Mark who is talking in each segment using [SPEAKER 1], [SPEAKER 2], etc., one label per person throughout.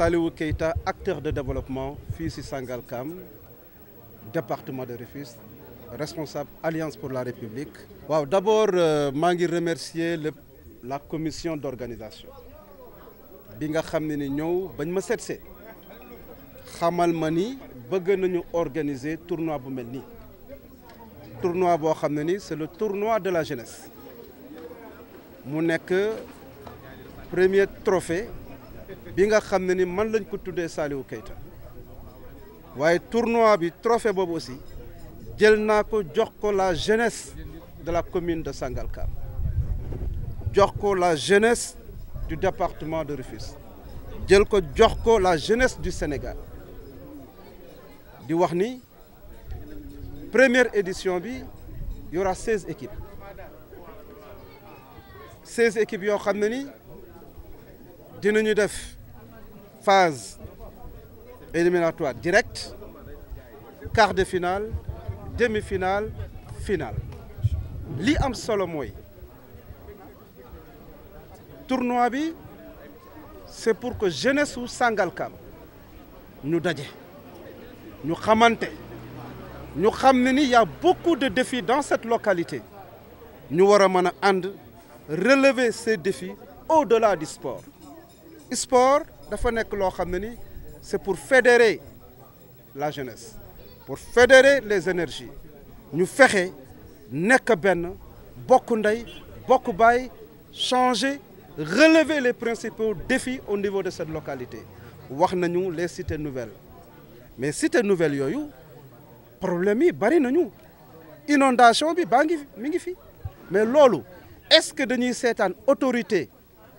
[SPEAKER 1] Salut Keita acteur de développement fils Sangal Sangalkam département de Rufisque responsable Alliance pour la République d'abord je euh, remercie remercier la commission d'organisation Binga nga xam ni ñëw bañ ma tournoi bu tournoi boo c'est le tournoi de la jeunesse mu premier trophée bi nga xam ne ni man lañ ko tuddee Saliou Keita waaye tournoi trophée boobu aussi ko jox la jeunesse de la commune de Sangalkam jox la jeunesse du département de Rufus..! jël ko la jeunesse du Sénégal di wax première édition Il y aura 16 équipes 16 équipes yoo xam ni dinañu phase éliminatoire directe quart de finale demi-finale finale li am solo tournoi c'est pour que jeunesse ou Sangalkam nous nous ñu nous nous xam y a beaucoup de défis dans cette localité Nous allons relever ces défis au-delà du sport sport c'est pour fédérer la jeunesse pour fédérer les énergies Nous fexé changer relever les principaux défis au niveau de cette localité wax nañu les cités nouvelles mais cités nouvelles yoyu problème yi bari nañu inondation bi mais est-ce que dañuy sétane autorité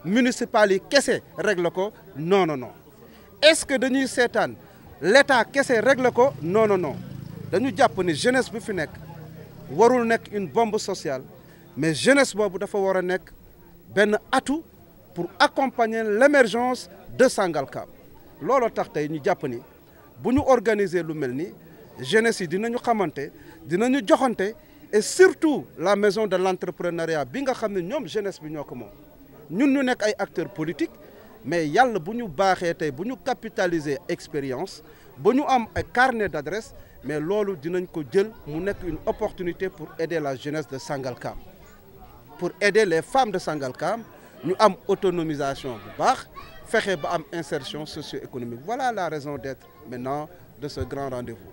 [SPEAKER 1] municipal yi kese règle ko non non non est-ce que dañuy sétane l'État qu'est-ce kese règle ko non non non dañu japp ni jeunesse bi fi nek warul nek une bombe sociale mais jeunesse bobu dafa wara nek ben atout pour accompagner l'émergence de Sangalkam lolo tax tay ñu japp ni buñu organiser lu melni jeunesse yi dinañu xamanté dinañu joxanté et surtout la maison de l'entrepreneuriat bi nga xamné ñom jeunesse bi ñoko mom nous sommes des acteurs politiques mais nous avons capitalisé l'expérience, nous avons un expérience carnet d'adresse mais nous dinañ ko une opportunité pour aider la jeunesse de Sangalkam pour aider les femmes de Sangalkam Nous am autonomisation bu baax ba insertion socio-économique voilà la raison d'être maintenant de ce grand rendez-vous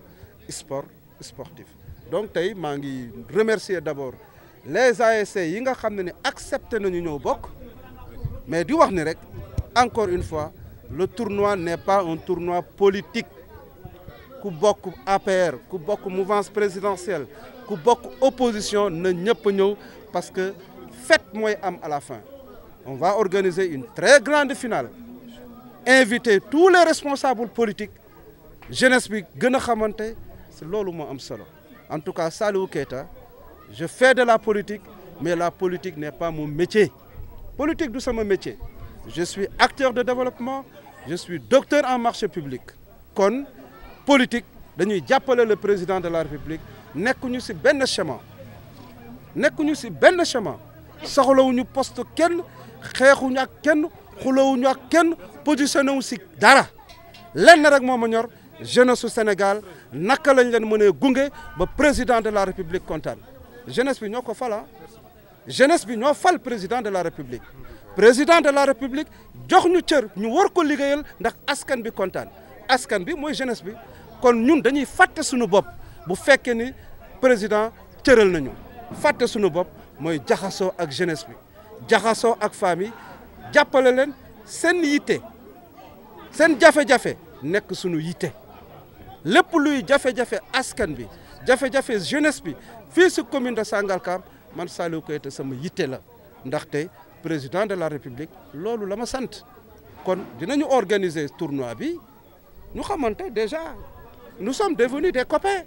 [SPEAKER 1] sport sportif donc je remercie remercier d'abord les ASC yi nga xamné accepté mais di wax encore une fois le tournoi n'est pas un tournoi politique ku bok APR ku mouvance présidentielle ku opposition ne ñëpp parce que faites-moi à la fin on va organiser une très grande finale inviter tous les responsables politiques je bi gëna xamanté, c'est que mo am solo en tout cas salut. je fais de la politique mais la politique n'est pas mon métier politique du mon métier je suis acteur de développement je suis docteur en marché public Con, politique dañuy jàppale le président de la république nekkuñu ci benn chemin nekkuñu ci benn chemin soxlawuñu poste kenn xeexuñu ak kenn xulawuñu ak kenn positionné wu ci dara lenn rek moo ma ñor jeunesse au Sénégal naka lañ leen mënee être président de la république kontaan jeunesse bi ñoo jeunesse bi ñoo fal président de la république président de la république jox ñu cër ñu war ko liggéeyal ndax askan bi contane askan bi mooy jeunesse bi kon ñun dañuy fàtte suñu bopp bu fekkee ni président cëral nañu fàtte suñu bopp mooy jaxasoo ak jeunesse bi jaxasoo ak famille jàppale leen seen yitte seen jafe-jafe nekk suñu yitte lépp luy jafe-jafe askan bi jafe-jafe jeunesse bi fii si commune de Sangalkam man Saliou Keita sama yitte la ndaxte président de la république lolou la sante kon dinañu organiser tournoi bi ñu xamanté déjà nous sommes devenus des copains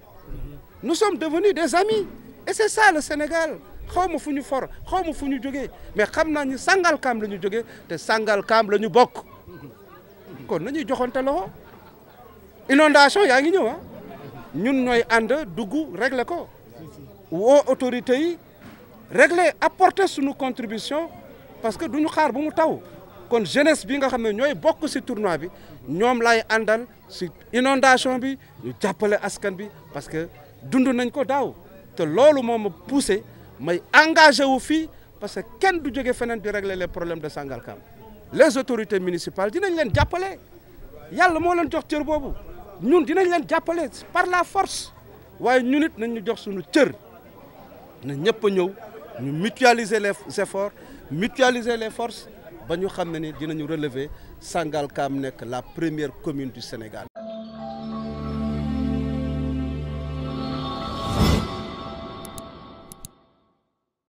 [SPEAKER 1] nous sommes devenus des amis et c'est ça le Sénégal xaw fuñu for xaw fuñu joggé mais xam naa ñu Sangalkam la ñu jógee te Sangalkam la ñu bokk kon nañuy joxante loxo inondation yaa ngi ñëw ah. ñun ñooy ànd duggu régler ko wo autorité. yi régler apporter nos contribution parce que duñu xaar bu mu taw kon jeunesse bi nga xam ne ñooy bokk ci tournoi bi ñoom lay àndal ci inondation bi ñu jàppale askan bi parce que dund nañ ko daaw te loolu moo ma poussé may engagé wu fii parce que kenn du jóge feneen di régler les problèmes de Sangalkam les autorités municipales dinañ leen jàppale Yalla mo leen jox cër bobu ñun dinañ leen jappalé par la force waye ñun it nañ ñu jox suñu cër na ñëpp ñëw nous mutualiser les efforts mutualiser les forces nous ñu nous relever Sangal Kamnek, la première commune du Sénégal